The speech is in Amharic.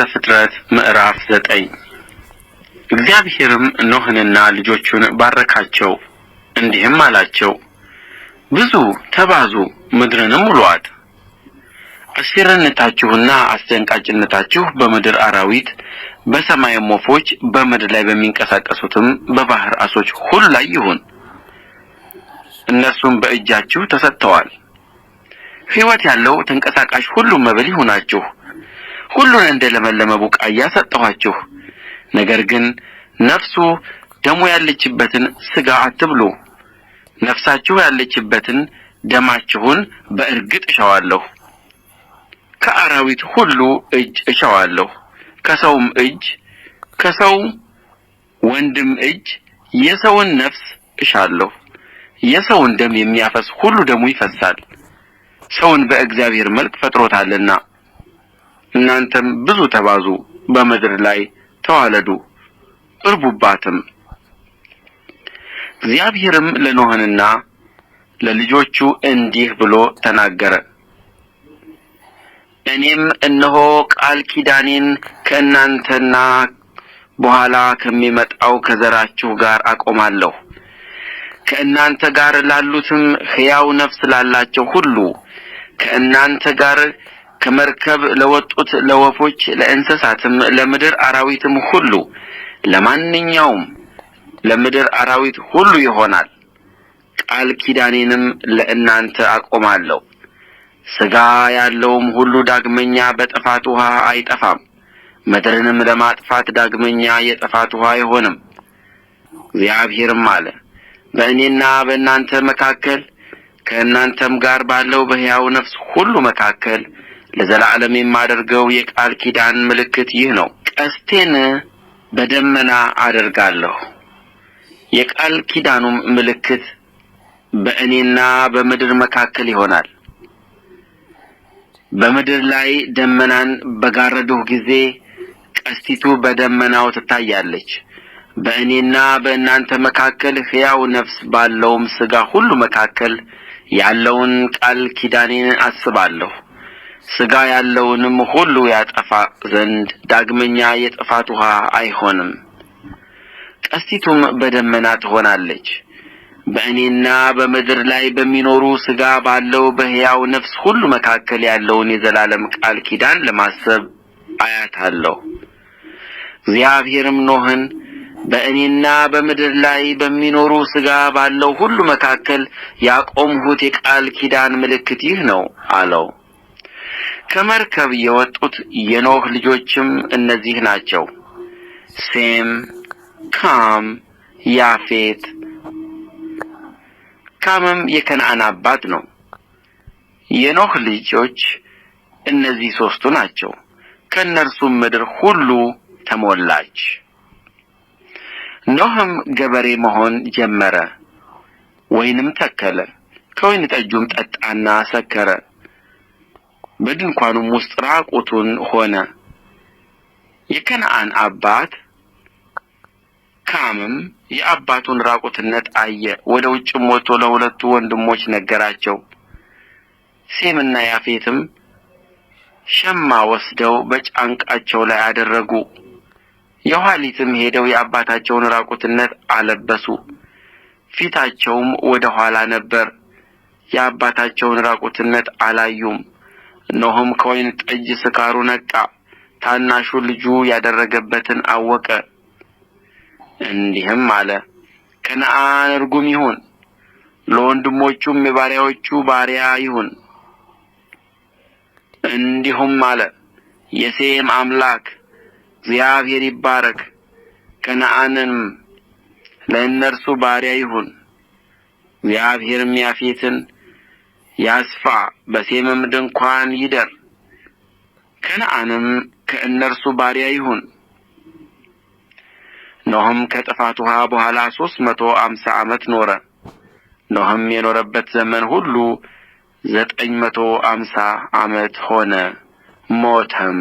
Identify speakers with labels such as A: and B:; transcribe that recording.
A: ዘፍጥረት ምዕራፍ ዘጠኝ እግዚአብሔርም ኖህንና ልጆቹን ባረካቸው፣ እንዲህም አላቸው፣ ብዙ ተባዙ፣ ምድርንም ሙሉአት። አስፈረነታችሁና አስደንጋጭነታችሁ በምድር አራዊት፣ በሰማይም ወፎች፣ በምድር ላይ በሚንቀሳቀሱትም በባህር አሶች ሁሉ ላይ ይሁን። እነሱም በእጃችሁ ተሰጥተዋል። ሕይወት ያለው ተንቀሳቃሽ ሁሉ መብል ይሁናችሁ። ሁሉን እንደ ለመለመ ቡቃያ ሰጠኋችሁ። ነገር ግን ነፍሱ ደሙ ያለችበትን ስጋ አትብሉ፣ ነፍሳችሁ ያለችበትን ደማችሁን በእርግጥ እሻዋለሁ። ከአራዊት ሁሉ እጅ እሻዋለሁ፣ ከሰውም እጅ ከሰው ወንድም እጅ የሰውን ነፍስ እሻለሁ። የሰውን ደም የሚያፈስ ሁሉ ደሙ ይፈሳል፣ ሰውን በእግዚአብሔር መልክ ፈጥሮታልና። እናንተም ብዙ ተባዙ፣ በምድር ላይ ተዋለዱ፣ እርቡባትም። እግዚአብሔርም ለኖህንና ለልጆቹ እንዲህ ብሎ ተናገረ። እኔም እነሆ ቃል ኪዳኔን ከእናንተና በኋላ ከሚመጣው ከዘራችሁ ጋር አቆማለሁ። ከእናንተ ጋር ላሉትም ሕያው ነፍስ ላላቸው ሁሉ ከእናንተ ጋር ከመርከብ ለወጡት ለወፎች፣ ለእንስሳትም፣ ለምድር አራዊትም ሁሉ ለማንኛውም ለምድር አራዊት ሁሉ ይሆናል። ቃል ኪዳኔንም ለእናንተ አቆማለሁ። ሥጋ ያለውም ሁሉ ዳግመኛ በጥፋት ውሃ አይጠፋም። ምድርንም ለማጥፋት ዳግመኛ የጥፋት ውሃ አይሆንም። እግዚአብሔርም አለ፣ በእኔና በእናንተ መካከል ከእናንተም ጋር ባለው በሕያው ነፍስ ሁሉ መካከል ለዘላለም የማደርገው የቃል ኪዳን ምልክት ይህ ነው። ቀስቴን በደመና አደርጋለሁ። የቃል ኪዳኑም ምልክት በእኔና በምድር መካከል ይሆናል። በምድር ላይ ደመናን በጋረድሁ ጊዜ ቀስቲቱ በደመናው ትታያለች። በእኔና በእናንተ መካከል ሕያው ነፍስ ባለውም ሥጋ ሁሉ መካከል ያለውን ቃል ኪዳኔን አስባለሁ። ሥጋ ያለውንም ሁሉ ያጠፋ ዘንድ ዳግመኛ የጥፋት ውሃ አይሆንም። ቀስቲቱም በደመና ትሆናለች፣ በእኔና በምድር ላይ በሚኖሩ ሥጋ ባለው በሕያው ነፍስ ሁሉ መካከል ያለውን የዘላለም ቃል ኪዳን ለማሰብ አያታለሁ። እግዚአብሔርም ኖህን በእኔና በምድር ላይ በሚኖሩ ሥጋ ባለው ሁሉ መካከል ያቆምሁት የቃል ኪዳን ምልክት ይህ ነው አለው። ከመርከብ የወጡት የኖህ ልጆችም እነዚህ ናቸው፣ ሴም፣ ካም፣ ያፌት። ካምም የከነዓን አባት ነው። የኖህ ልጆች እነዚህ ሦስቱ ናቸው። ከእነርሱም ምድር ሁሉ ተሞላች። ኖህም ገበሬ መሆን ጀመረ፣ ወይንም ተከለ። ከወይን ጠጁም ጠጣና ሰከረ። በድንኳኑም ውስጥ ራቁቱን ሆነ። የከነአን አባት ካምም የአባቱን ራቁትነት አየ። ወደ ውጭም ወጥቶ ለሁለቱ ወንድሞች ነገራቸው። ሴምና ያፌትም ሸማ ወስደው በጫንቃቸው ላይ አደረጉ። የኋሊትም ሄደው የአባታቸውን ራቁትነት አለበሱ። ፊታቸውም ወደ ኋላ ነበር። የአባታቸውን ራቁትነት አላዩም። እነሆም ከወይን ጠጅ ስካሩ ነቃ፣ ታናሹ ልጁ ያደረገበትን አወቀ። እንዲህም አለ፣ ከነአን እርጉም ይሁን፣ ለወንድሞቹም የባሪያዎቹ ባሪያ ይሁን። እንዲሁም አለ፣ የሴም አምላክ እግዚአብሔር ይባረክ፣ ከነዓንም ለእነርሱ ባሪያ ይሁን። እግዚአብሔርም ያፌትን ያስፋ፣ በሴምም ድንኳን ይደር። ከነአንም ከእነርሱ ባሪያ ይሁን። ኖህም ከጥፋት ውሃ በኋላ ሦስት መቶ አምሳ ዓመት ኖረ። ኖህም የኖረበት ዘመን ሁሉ ዘጠኝ መቶ አምሳ ዓመት ሆነ፣ ሞተም።